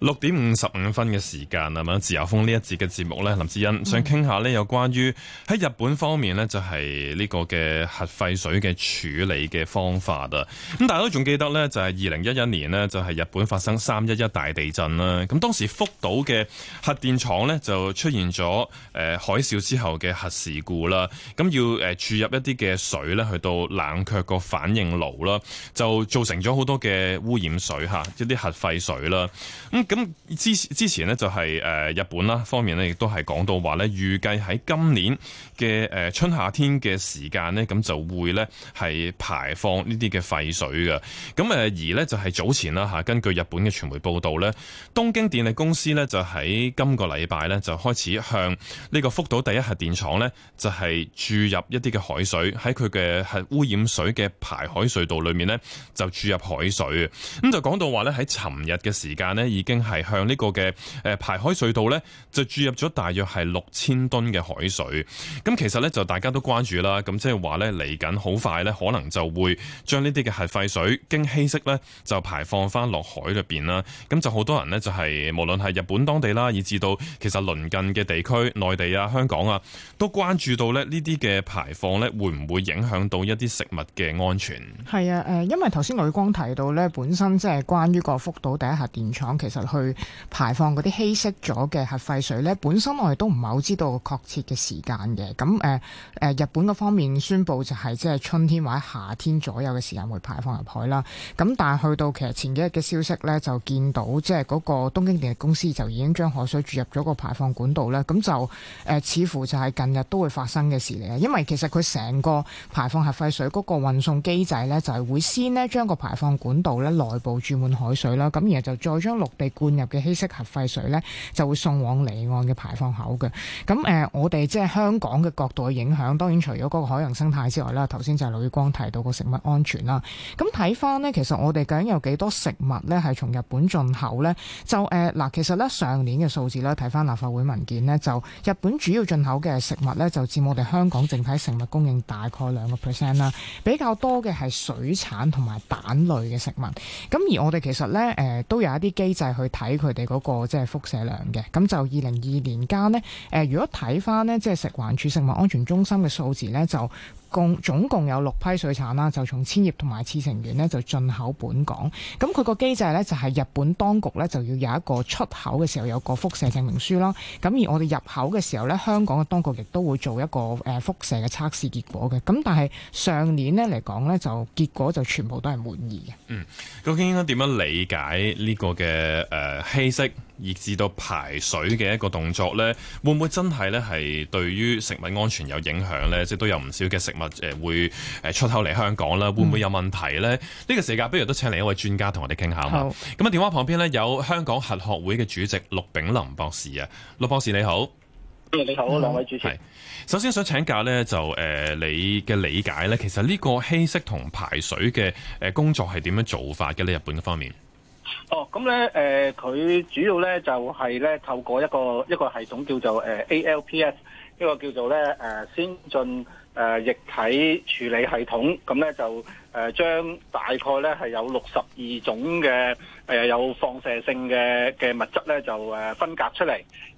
六點五十五分嘅時間啊嘛，自由風呢一節嘅節目呢，林志恩想傾下呢，有關於喺日本方面呢，就係呢個嘅核廢水嘅處理嘅方法啊。咁大家都仲記得呢，就係二零一一年呢就係日本發生三一一大地震啦。咁當時福島嘅核電廠呢就出現咗誒，海嘯之後嘅核事故啦。咁要誒，注入一啲嘅水呢去到冷卻個反應爐啦，就造成咗好多嘅污染水吓，就是，一啲核廢水啦。咁咁之之前咧就係誒日本啦方面咧亦都係講到話咧，預計喺今年嘅誒春夏天嘅時間咧，咁就會咧係排放呢啲嘅廢水嘅。咁誒而咧就係早前啦吓，根據日本嘅傳媒報道咧，東京電力公司咧就喺今個禮拜咧就開始向呢個福島第一核電廠咧就係注入一啲嘅海水，喺佢嘅核污染水嘅排海隧道裏面咧就注入海水。咁就講到話咧喺尋日嘅時間咧已經。係向呢個嘅誒、呃、排海隧道呢，就注入咗大約係六千噸嘅海水。咁其實呢，就大家都關注啦，咁即係話呢，嚟緊好快呢，可能就會將呢啲嘅核廢水經稀釋呢，就排放翻落海裏邊啦。咁就好多人呢，就係、是、無論係日本當地啦，以至到其實鄰近嘅地區、內地啊、香港啊，都關注到呢呢啲嘅排放呢，會唔會影響到一啲食物嘅安全？係啊，誒、呃，因為頭先呂光提到呢，本身即係關於個福島第一核電廠，其實。去排放嗰啲稀釋咗嘅核廢水咧，本身我哋都唔係好知道確切嘅時間嘅。咁誒誒，日本嗰方面宣布就係即係春天或者夏天左右嘅時間會排放入海啦。咁但係去到其實前幾日嘅消息咧，就見到即係嗰個東京電力公司就已經將海水注入咗個排放管道咧。咁就誒、呃、似乎就係近日都會發生嘅事嚟嘅。因為其實佢成個排放核廢水嗰個運送機制咧，就係會先咧將個排放管道咧內部注滿海水啦，咁然後就再將陸地。灌入嘅稀釋核廢水呢，就會送往離岸嘅排放口嘅。咁誒、呃，我哋即係香港嘅角度嘅影響，當然除咗嗰個海洋生態之外啦。頭先就係盧宇光提到個食物安全啦。咁睇翻呢，其實我哋究竟有幾多食物呢？係從日本進口呢？就誒嗱、呃，其實呢上年嘅數字呢，睇翻立法會文件呢，就日本主要進口嘅食物呢，就佔我哋香港整體食物供應大概兩個 percent 啦。比較多嘅係水產同埋蛋類嘅食物。咁而我哋其實呢，誒、呃、都有一啲機制去。睇佢哋嗰個即係輻射量嘅，咁就二零二二年間咧，誒、呃，如果睇翻咧，即係食環署食物安全中心嘅數字咧，就。共總共有六批水產啦，就從千葉同埋茨城縣呢就進口本港。咁佢個機制呢，就係日本當局呢就要有一個出口嘅時候有一個輻射證明書啦。咁而我哋入口嘅時候呢，香港嘅當局亦都會做一個誒輻射嘅測試結果嘅。咁但係上年呢嚟講呢，就結果就全部都係滿意嘅。嗯，究竟應該點樣理解呢個嘅誒、呃、稀釋？而至到排水嘅一個動作呢，會唔會真係呢？係對於食物安全有影響呢？即係都有唔少嘅食物誒會誒出口嚟香港啦，嗯，會唔會有問題呢？呢個時間不如都請嚟一位專家同我哋傾下。好，咁啊電話旁邊呢，有香港核學會嘅主席陸炳林博士啊，陸博士你好。你好兩位主持。首先想請教呢，就誒你嘅理解呢，其實呢個稀釋同排水嘅誒工作係點樣做法嘅呢？日本方面？哦，咁咧，誒、呃，佢主要咧就係、是、咧透過一個一個系統叫做、呃、ALPS，一個叫做咧誒、呃、先進誒、呃、液體處理系統，咁、嗯、咧就誒、呃、將大概咧係有六十二種嘅、呃、有放射性嘅嘅物質咧就分隔出嚟，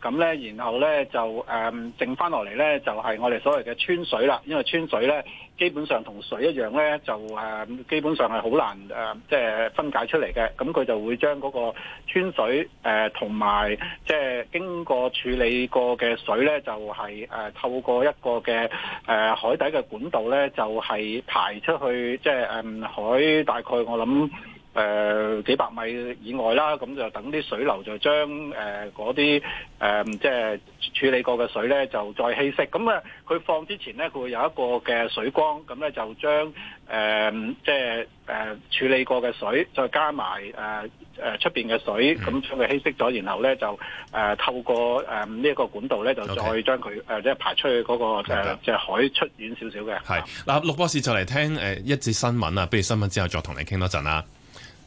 咁、嗯、咧然後咧就誒、呃、剩翻落嚟咧就係、是、我哋所謂嘅穿水啦，因為氚水咧。基本上同水一樣呢，就誒基本上係好難誒，即係分解出嚟嘅。咁佢就會將嗰個穿水誒同埋即係經過處理過嘅水呢，就係誒透過一個嘅誒海底嘅管道呢，就係排出去，即係誒海。大概我諗。誒、呃、幾百米以外啦，咁就等啲水流就將誒嗰啲誒即係處理過嘅水咧，就再稀釋。咁啊，佢放之前咧，佢會有一個嘅水缸，咁咧就將誒、呃、即係誒處理過嘅水再加埋誒出面嘅水，咁將佢稀釋咗，然後咧就誒、呃、透過誒呢一個管道咧，就再將佢誒、okay. 呃、即係排出去嗰、那個、okay. 呃、即係海出遠少少嘅。係嗱、呃，陸博士就嚟聽誒、呃、一節新聞啊，不如新聞之後再同你傾多陣啦。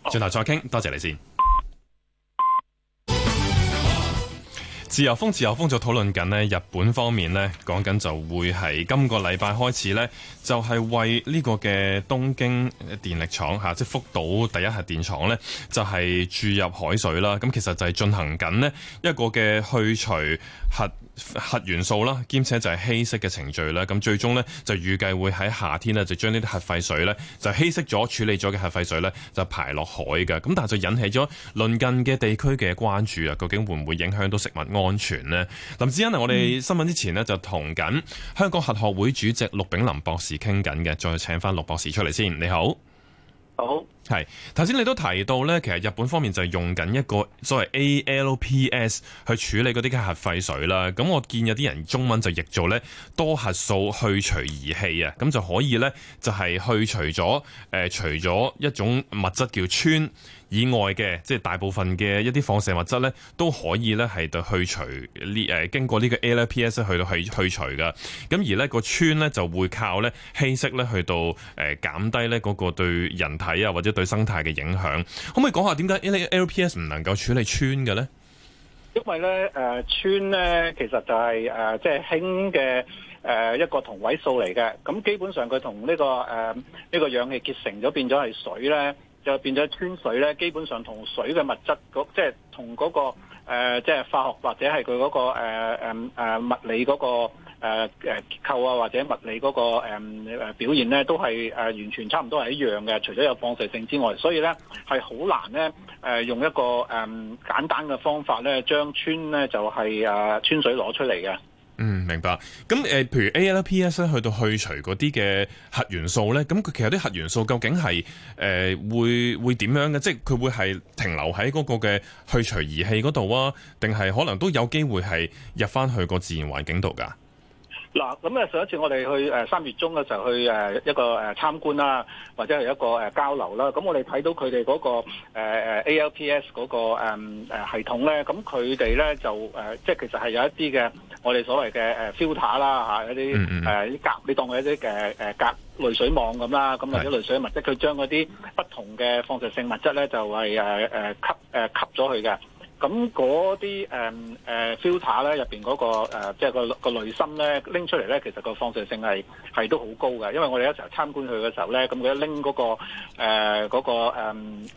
轉頭再傾，多謝你先。自由風自由風就討論緊咧，日本方面咧講緊就會係今個禮拜開始咧，就係、是、為呢個嘅東京電力廠吓、啊、即福島第一核電廠咧，就係、是、注入海水啦。咁、啊、其實就係進行緊咧一個嘅去除核核元素啦、啊，兼且就係稀釋嘅程序啦。咁、啊、最終咧就預計會喺夏天呢就將呢啲核廢水咧就稀釋咗處理咗嘅核廢水咧就排落海嘅。咁、啊、但係就引起咗鄰近嘅地區嘅關注啊！究竟會唔會影響到食物安？安全呢？林志恩我哋新聞之前呢，就同緊香港核學會主席陸炳林博士傾緊嘅，再請返陸博士出嚟先，你好。好。係頭先你都提到咧，其實日本方面就係用緊一個所謂 ALPS 去處理嗰啲核廢水啦。咁我見有啲人中文就譯做咧，多核素去除儀器啊，咁就可以咧就係、是、去除咗誒、呃、除咗一種物質叫氚以外嘅，即、就、係、是、大部分嘅一啲放射物質咧都可以咧係對去除呢誒、呃、經過呢個 ALPS 去到去去除㗎，咁而咧個氚咧就會靠咧稀釋咧去到誒減、呃、低咧嗰個對人體啊或者。對生態嘅影響，可唔可以講下點解 LPS 唔能夠處理氚嘅咧？因為咧，誒、呃，氚咧其實就係、是、誒、呃，即係氫嘅誒一個同位素嚟嘅。咁基本上佢同呢個誒呢個氧氣結成咗，變咗係水咧，就變咗氚水咧。基本上同、這個呃這個、水嘅物質即係同嗰個誒，即係、那個呃、化學或者係佢嗰個誒誒誒物理嗰、那個。誒誒結構啊，或者物理嗰、那個誒、呃呃、表現咧，都係誒、呃、完全差唔多係一樣嘅，除咗有放射性之外，所以咧係好難咧誒、呃、用一個誒、呃、簡單嘅方法咧，將氚咧就係誒氚水攞出嚟嘅。嗯，明白。咁誒、呃，譬如 ALPS 咧去到去除嗰啲嘅核元素咧，咁佢其實啲核元素究竟係誒、呃、會會點樣嘅？即係佢會係停留喺嗰個嘅去除儀器嗰度啊，定係可能都有機會係入返去個自然環境度㗎？嗱，咁啊，上一次我哋去誒三月中嘅時候去誒一個誒參觀啦、mm -hmm.，或者係一個誒交流啦，咁我哋睇到佢哋嗰個誒 ALPS 嗰個誒系統咧，咁佢哋咧就誒即係其實係有一啲嘅我哋所謂嘅誒 filter 啦吓一啲誒啲隔，你當佢一啲嘅誒隔濾水網咁啦，咁或者濾水物質，佢將嗰啲不同嘅放射性物質咧就係誒誒吸誒吸咗去嘅。咁嗰啲誒誒 filter 咧入邊嗰個誒，即係個個濾芯咧拎出嚟咧，其實個放射性係係都好高嘅。因為我哋一齊參觀佢嘅時候咧，咁佢一拎嗰個誒嗰個誒嗰個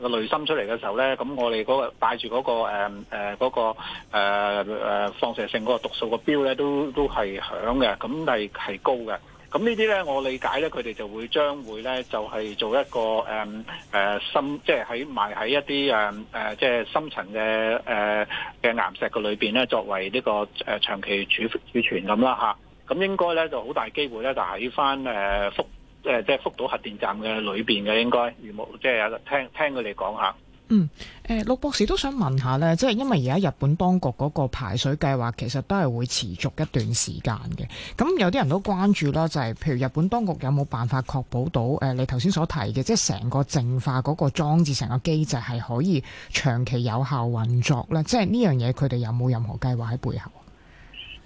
濾芯出嚟嘅時候咧，咁我哋嗰個帶住嗰個誒誒嗰個誒誒放射性嗰個毒素個標咧，都都係響嘅，咁但係係高嘅。咁呢啲呢，我理解呢，佢哋就會將會呢，就係、是、做一個誒誒、嗯啊、深，即係喺埋喺一啲誒即係深層嘅誒嘅岩石嘅裏面呢，作為呢個長期儲儲存咁啦吓，咁應該呢，就好大機會呢，啊、就喺返誒福，即係即係福島核電站嘅裏面嘅應該，如冇即係聽聽佢哋講下。嗯，誒，陸博士都想問下咧，即係因為而家日本當局嗰個排水計劃其實都係會持續一段時間嘅，咁有啲人都關注啦，就係譬如日本當局有冇辦法確保到誒你頭先所提嘅，即係成個淨化嗰個裝置成個機制係可以長期有效運作咧，即係呢樣嘢佢哋有冇任何計劃喺背後？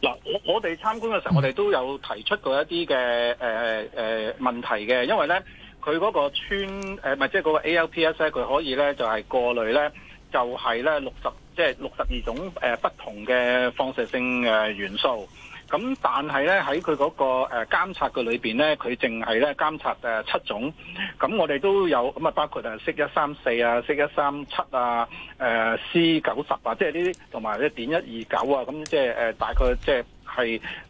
嗱、嗯，我我哋參觀嘅時候，我哋都有提出過一啲嘅誒誒誒問題嘅，因為咧。佢嗰個村誒唔係即係嗰個 ALPS 咧，佢可以咧就係、是、過濾咧，就係咧六十即係六十二種不同嘅放射性元素。咁但係咧喺佢嗰個誒監察嘅裏面咧，佢淨係咧監察誒七種。咁我哋都有咁啊，包括啊 c 一三四啊、c 一三七啊、誒 C 九十啊，即係呢啲同埋一碘一二九啊。咁即係大概即係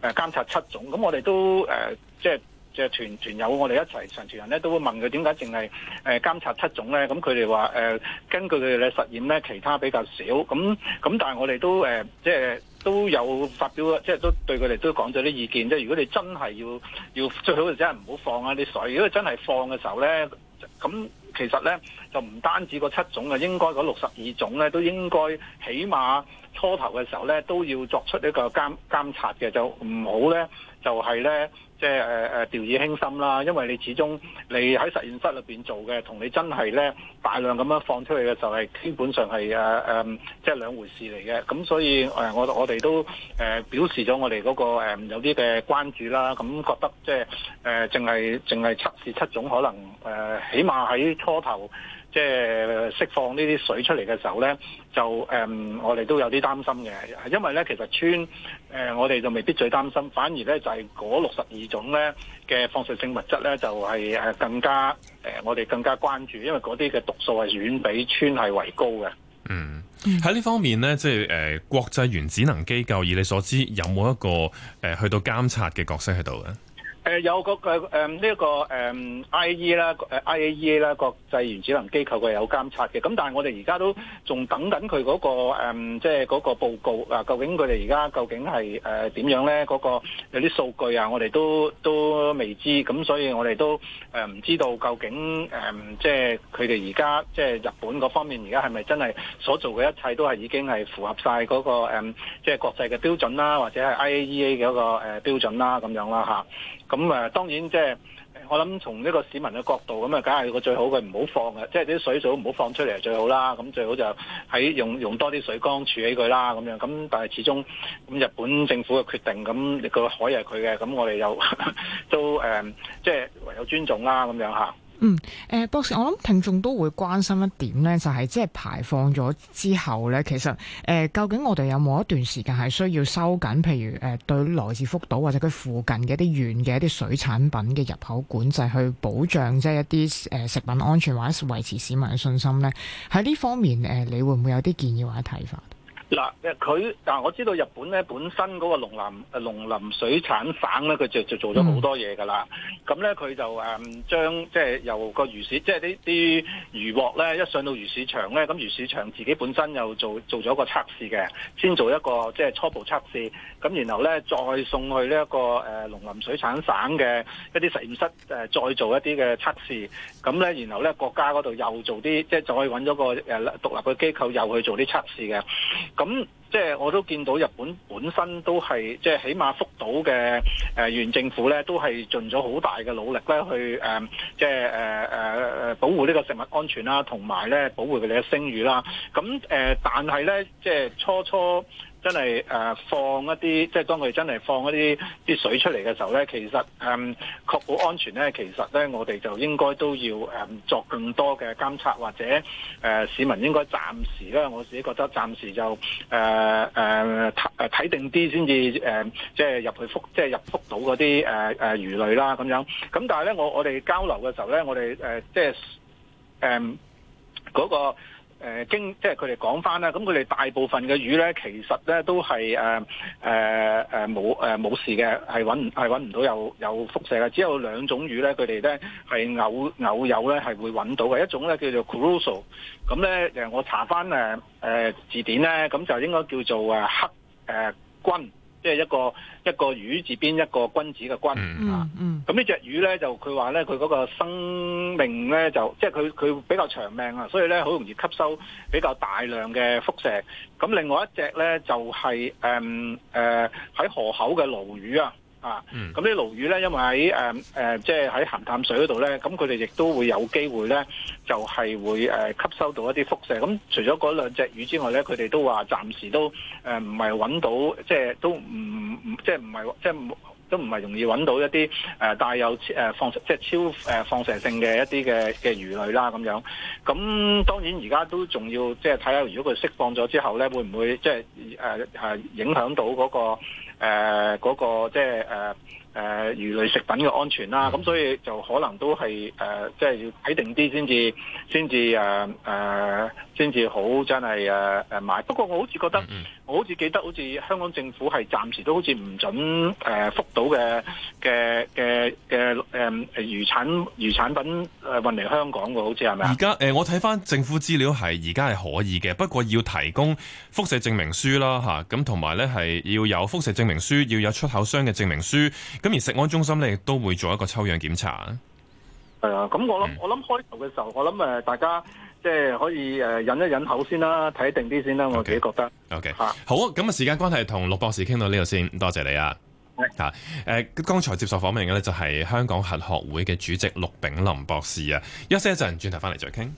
係監察七種。咁我哋都誒即係。呃即係即係團團友，我哋一齊全團人咧，都會問佢點解淨係誒監察七種咧？咁佢哋話誒，根據佢哋嘅實驗咧，其他比較少。咁咁，但係我哋都誒、呃，即係都有發表，即係都對佢哋都講咗啲意見。即係如果你真係要要最好，就真係唔好放啊啲水。如果真係放嘅時候咧，咁其實咧就唔單止嗰七種啊，應該嗰六十二種咧，都應該起碼初頭嘅時候咧，都要作出呢個監，監察嘅，就唔好咧，就係、係、咧。即係誒誒掉以輕心啦，因為你始終你喺實驗室裏面做嘅，同你真係咧大量咁樣放出嚟嘅時候，係基本上係誒即係兩回事嚟嘅。咁所以誒，我我哋都誒表示咗我哋嗰個誒有啲嘅關注啦。咁覺得即係誒，淨係淨係測試七種可能誒，起碼喺初頭即係釋放呢啲水出嚟嘅時候咧，就誒、嗯、我哋都有啲擔心嘅，因為咧其實村。呃、我哋就未必最擔心，反而咧就係嗰六十二種咧嘅放射性物質咧，就係更加、呃、我哋更加關注，因為嗰啲嘅毒素係遠比氚係為高嘅。嗯，喺呢方面呢，即係誒國際原子能機構，以你所知有冇一個、呃、去到監察嘅角色喺度呢？誒、呃、有個誒誒呢個誒 IE 啦，誒 IAEA 啦，國際原子能機構，佢有監察嘅。咁但係我哋而家都仲等緊佢嗰個即係嗰個報告啊，究竟佢哋而家究竟係點、呃、樣咧？嗰、嗰個有啲數據啊，我哋都都未知，咁所以我哋都誒唔知道究竟誒，即係佢哋而家即係日本嗰方面而家係咪真係所做嘅一切都係已經係符合晒嗰、嗰個即係、呃即係、國際嘅標準啦、啊，或者係 IAEA 嘅嗰、嗰個、呃、標準啦、啊、咁樣啦、吓。咁誒，當然即係我諗從呢個市民嘅角度，咁啊，梗係個最好嘅唔好放嘅，即係啲水水唔好放出嚟係最好啦。咁最好就喺用用多啲水缸處理佢啦，咁樣。咁但係始終咁日本政府嘅決定，咁個海係佢嘅，咁我哋又都誒，即係唯有尊重啦，咁樣嚇。嗯，誒博士，我諗聽眾都會關心一點咧，就係即係排放咗之後咧，其實誒、呃、究竟我哋有冇一段時間係需要收緊，譬如誒、呃、對來自福島或者佢附近嘅一啲縣嘅一啲水產品嘅入口管制，去保障即係一啲誒食品安全，或者維持市民嘅信心咧。喺呢方面，誒、呃、你會唔會有啲建議或者睇法？嗱，佢但我知道日本咧本身嗰個農林農林水產省咧，佢就就做咗好多嘢噶啦。咁咧佢就誒將、嗯、即係由個魚市，即係呢啲漁獲咧一上到魚市場咧，咁魚市場自己本身又做做咗個測試嘅，先做一個即係初步測試。咁然後咧再送去呢、這、一個誒農、呃、林水產省嘅一啲實驗室、呃、再做一啲嘅測試。咁咧然後咧國家嗰度又做啲，即係再揾咗個獨、呃、立嘅機構又去做啲測試嘅。咁即係我都見到日本本身都係即係起碼福島嘅縣、呃、政府咧，都係盡咗好大嘅努力咧，去、呃、誒，即係誒誒保護呢個食物安全啦，同埋咧保護佢哋嘅聲譽啦。咁誒、呃，但係咧即係初初。真係誒放一啲，即係當佢真係放一啲啲水出嚟嘅時候咧，其實誒、嗯、確保安全咧，其實咧我哋就應該都要誒作、嗯、更多嘅監測，或者誒、呃、市民應該暫時咧，我自己覺得暫時就誒誒睇定啲先至誒，即係入去福，即係入福到福島嗰啲誒誒魚類啦咁樣。咁但係咧，我我哋交流嘅時候咧，我哋、呃、即係誒嗰個。誒、呃、經即係佢哋講返啦。咁佢哋大部分嘅魚呢，其實呢都係誒冇誒冇事嘅，係揾係揾唔到有有輻射嘅，只有兩種魚呢，佢哋呢係偶偶有呢，係會揾到嘅，一種呢叫做 crucial。咁呢，我查返誒、呃、字典呢，咁就應該叫做黑誒菌。呃君。即係一個一個魚字邊一個君子嘅君啊，咁、嗯嗯、呢隻魚咧就佢話咧佢嗰個生命咧就即係佢佢比較長命啊，所以咧好容易吸收比較大量嘅輻射。咁另外一隻咧就係誒誒喺河口嘅鱸魚啊。啊、嗯，咁啲鱸魚咧，因為喺即係喺鹹淡水嗰度咧，咁佢哋亦都會有機會咧，就係、是、會吸收到一啲輻射。咁除咗嗰兩隻魚之外咧，佢哋都話暫時都唔係揾到，即、就、係、是、都唔唔即係唔係即係都唔係容易揾到一啲誒帶有誒放即係、就是、超、呃、放射性嘅一啲嘅嘅魚類啦咁樣。咁當然而家都仲要即係睇下，就是、看看如果佢釋放咗之後咧，會唔會即係、就是呃、影響到嗰、那個？誒、呃、嗰、那個即係誒誒魚類食品嘅安全啦，咁、嗯、所以就可能都係誒，即、呃、係、就是、要睇定啲先至先至誒誒先至好真係誒誒買。不過我好似覺得，我好似記得好似香港政府係暫時都好似唔准誒福島嘅嘅嘅嘅誒魚產魚產品誒運嚟香港喎，好似係咪啊？而家誒我睇翻政府資料係而家係可以嘅，不過要提供輻射證明書啦吓，咁同埋咧係要有輻射證。證明書要有出口商嘅證明書，咁而食安中心咧亦都會做一個抽樣檢查。係、嗯、啊，咁我諗我諗開頭嘅時候，我諗誒，大家即係可以誒，忍一忍口先啦，睇定啲先啦，我自己覺得。O K，好，咁啊，時間關係，同陸博士傾到呢度先，多謝你啊。係、嗯，誒，剛才接受訪問嘅呢就係香港核學會嘅主席陸炳林博士啊。休息一陣，轉頭翻嚟再傾。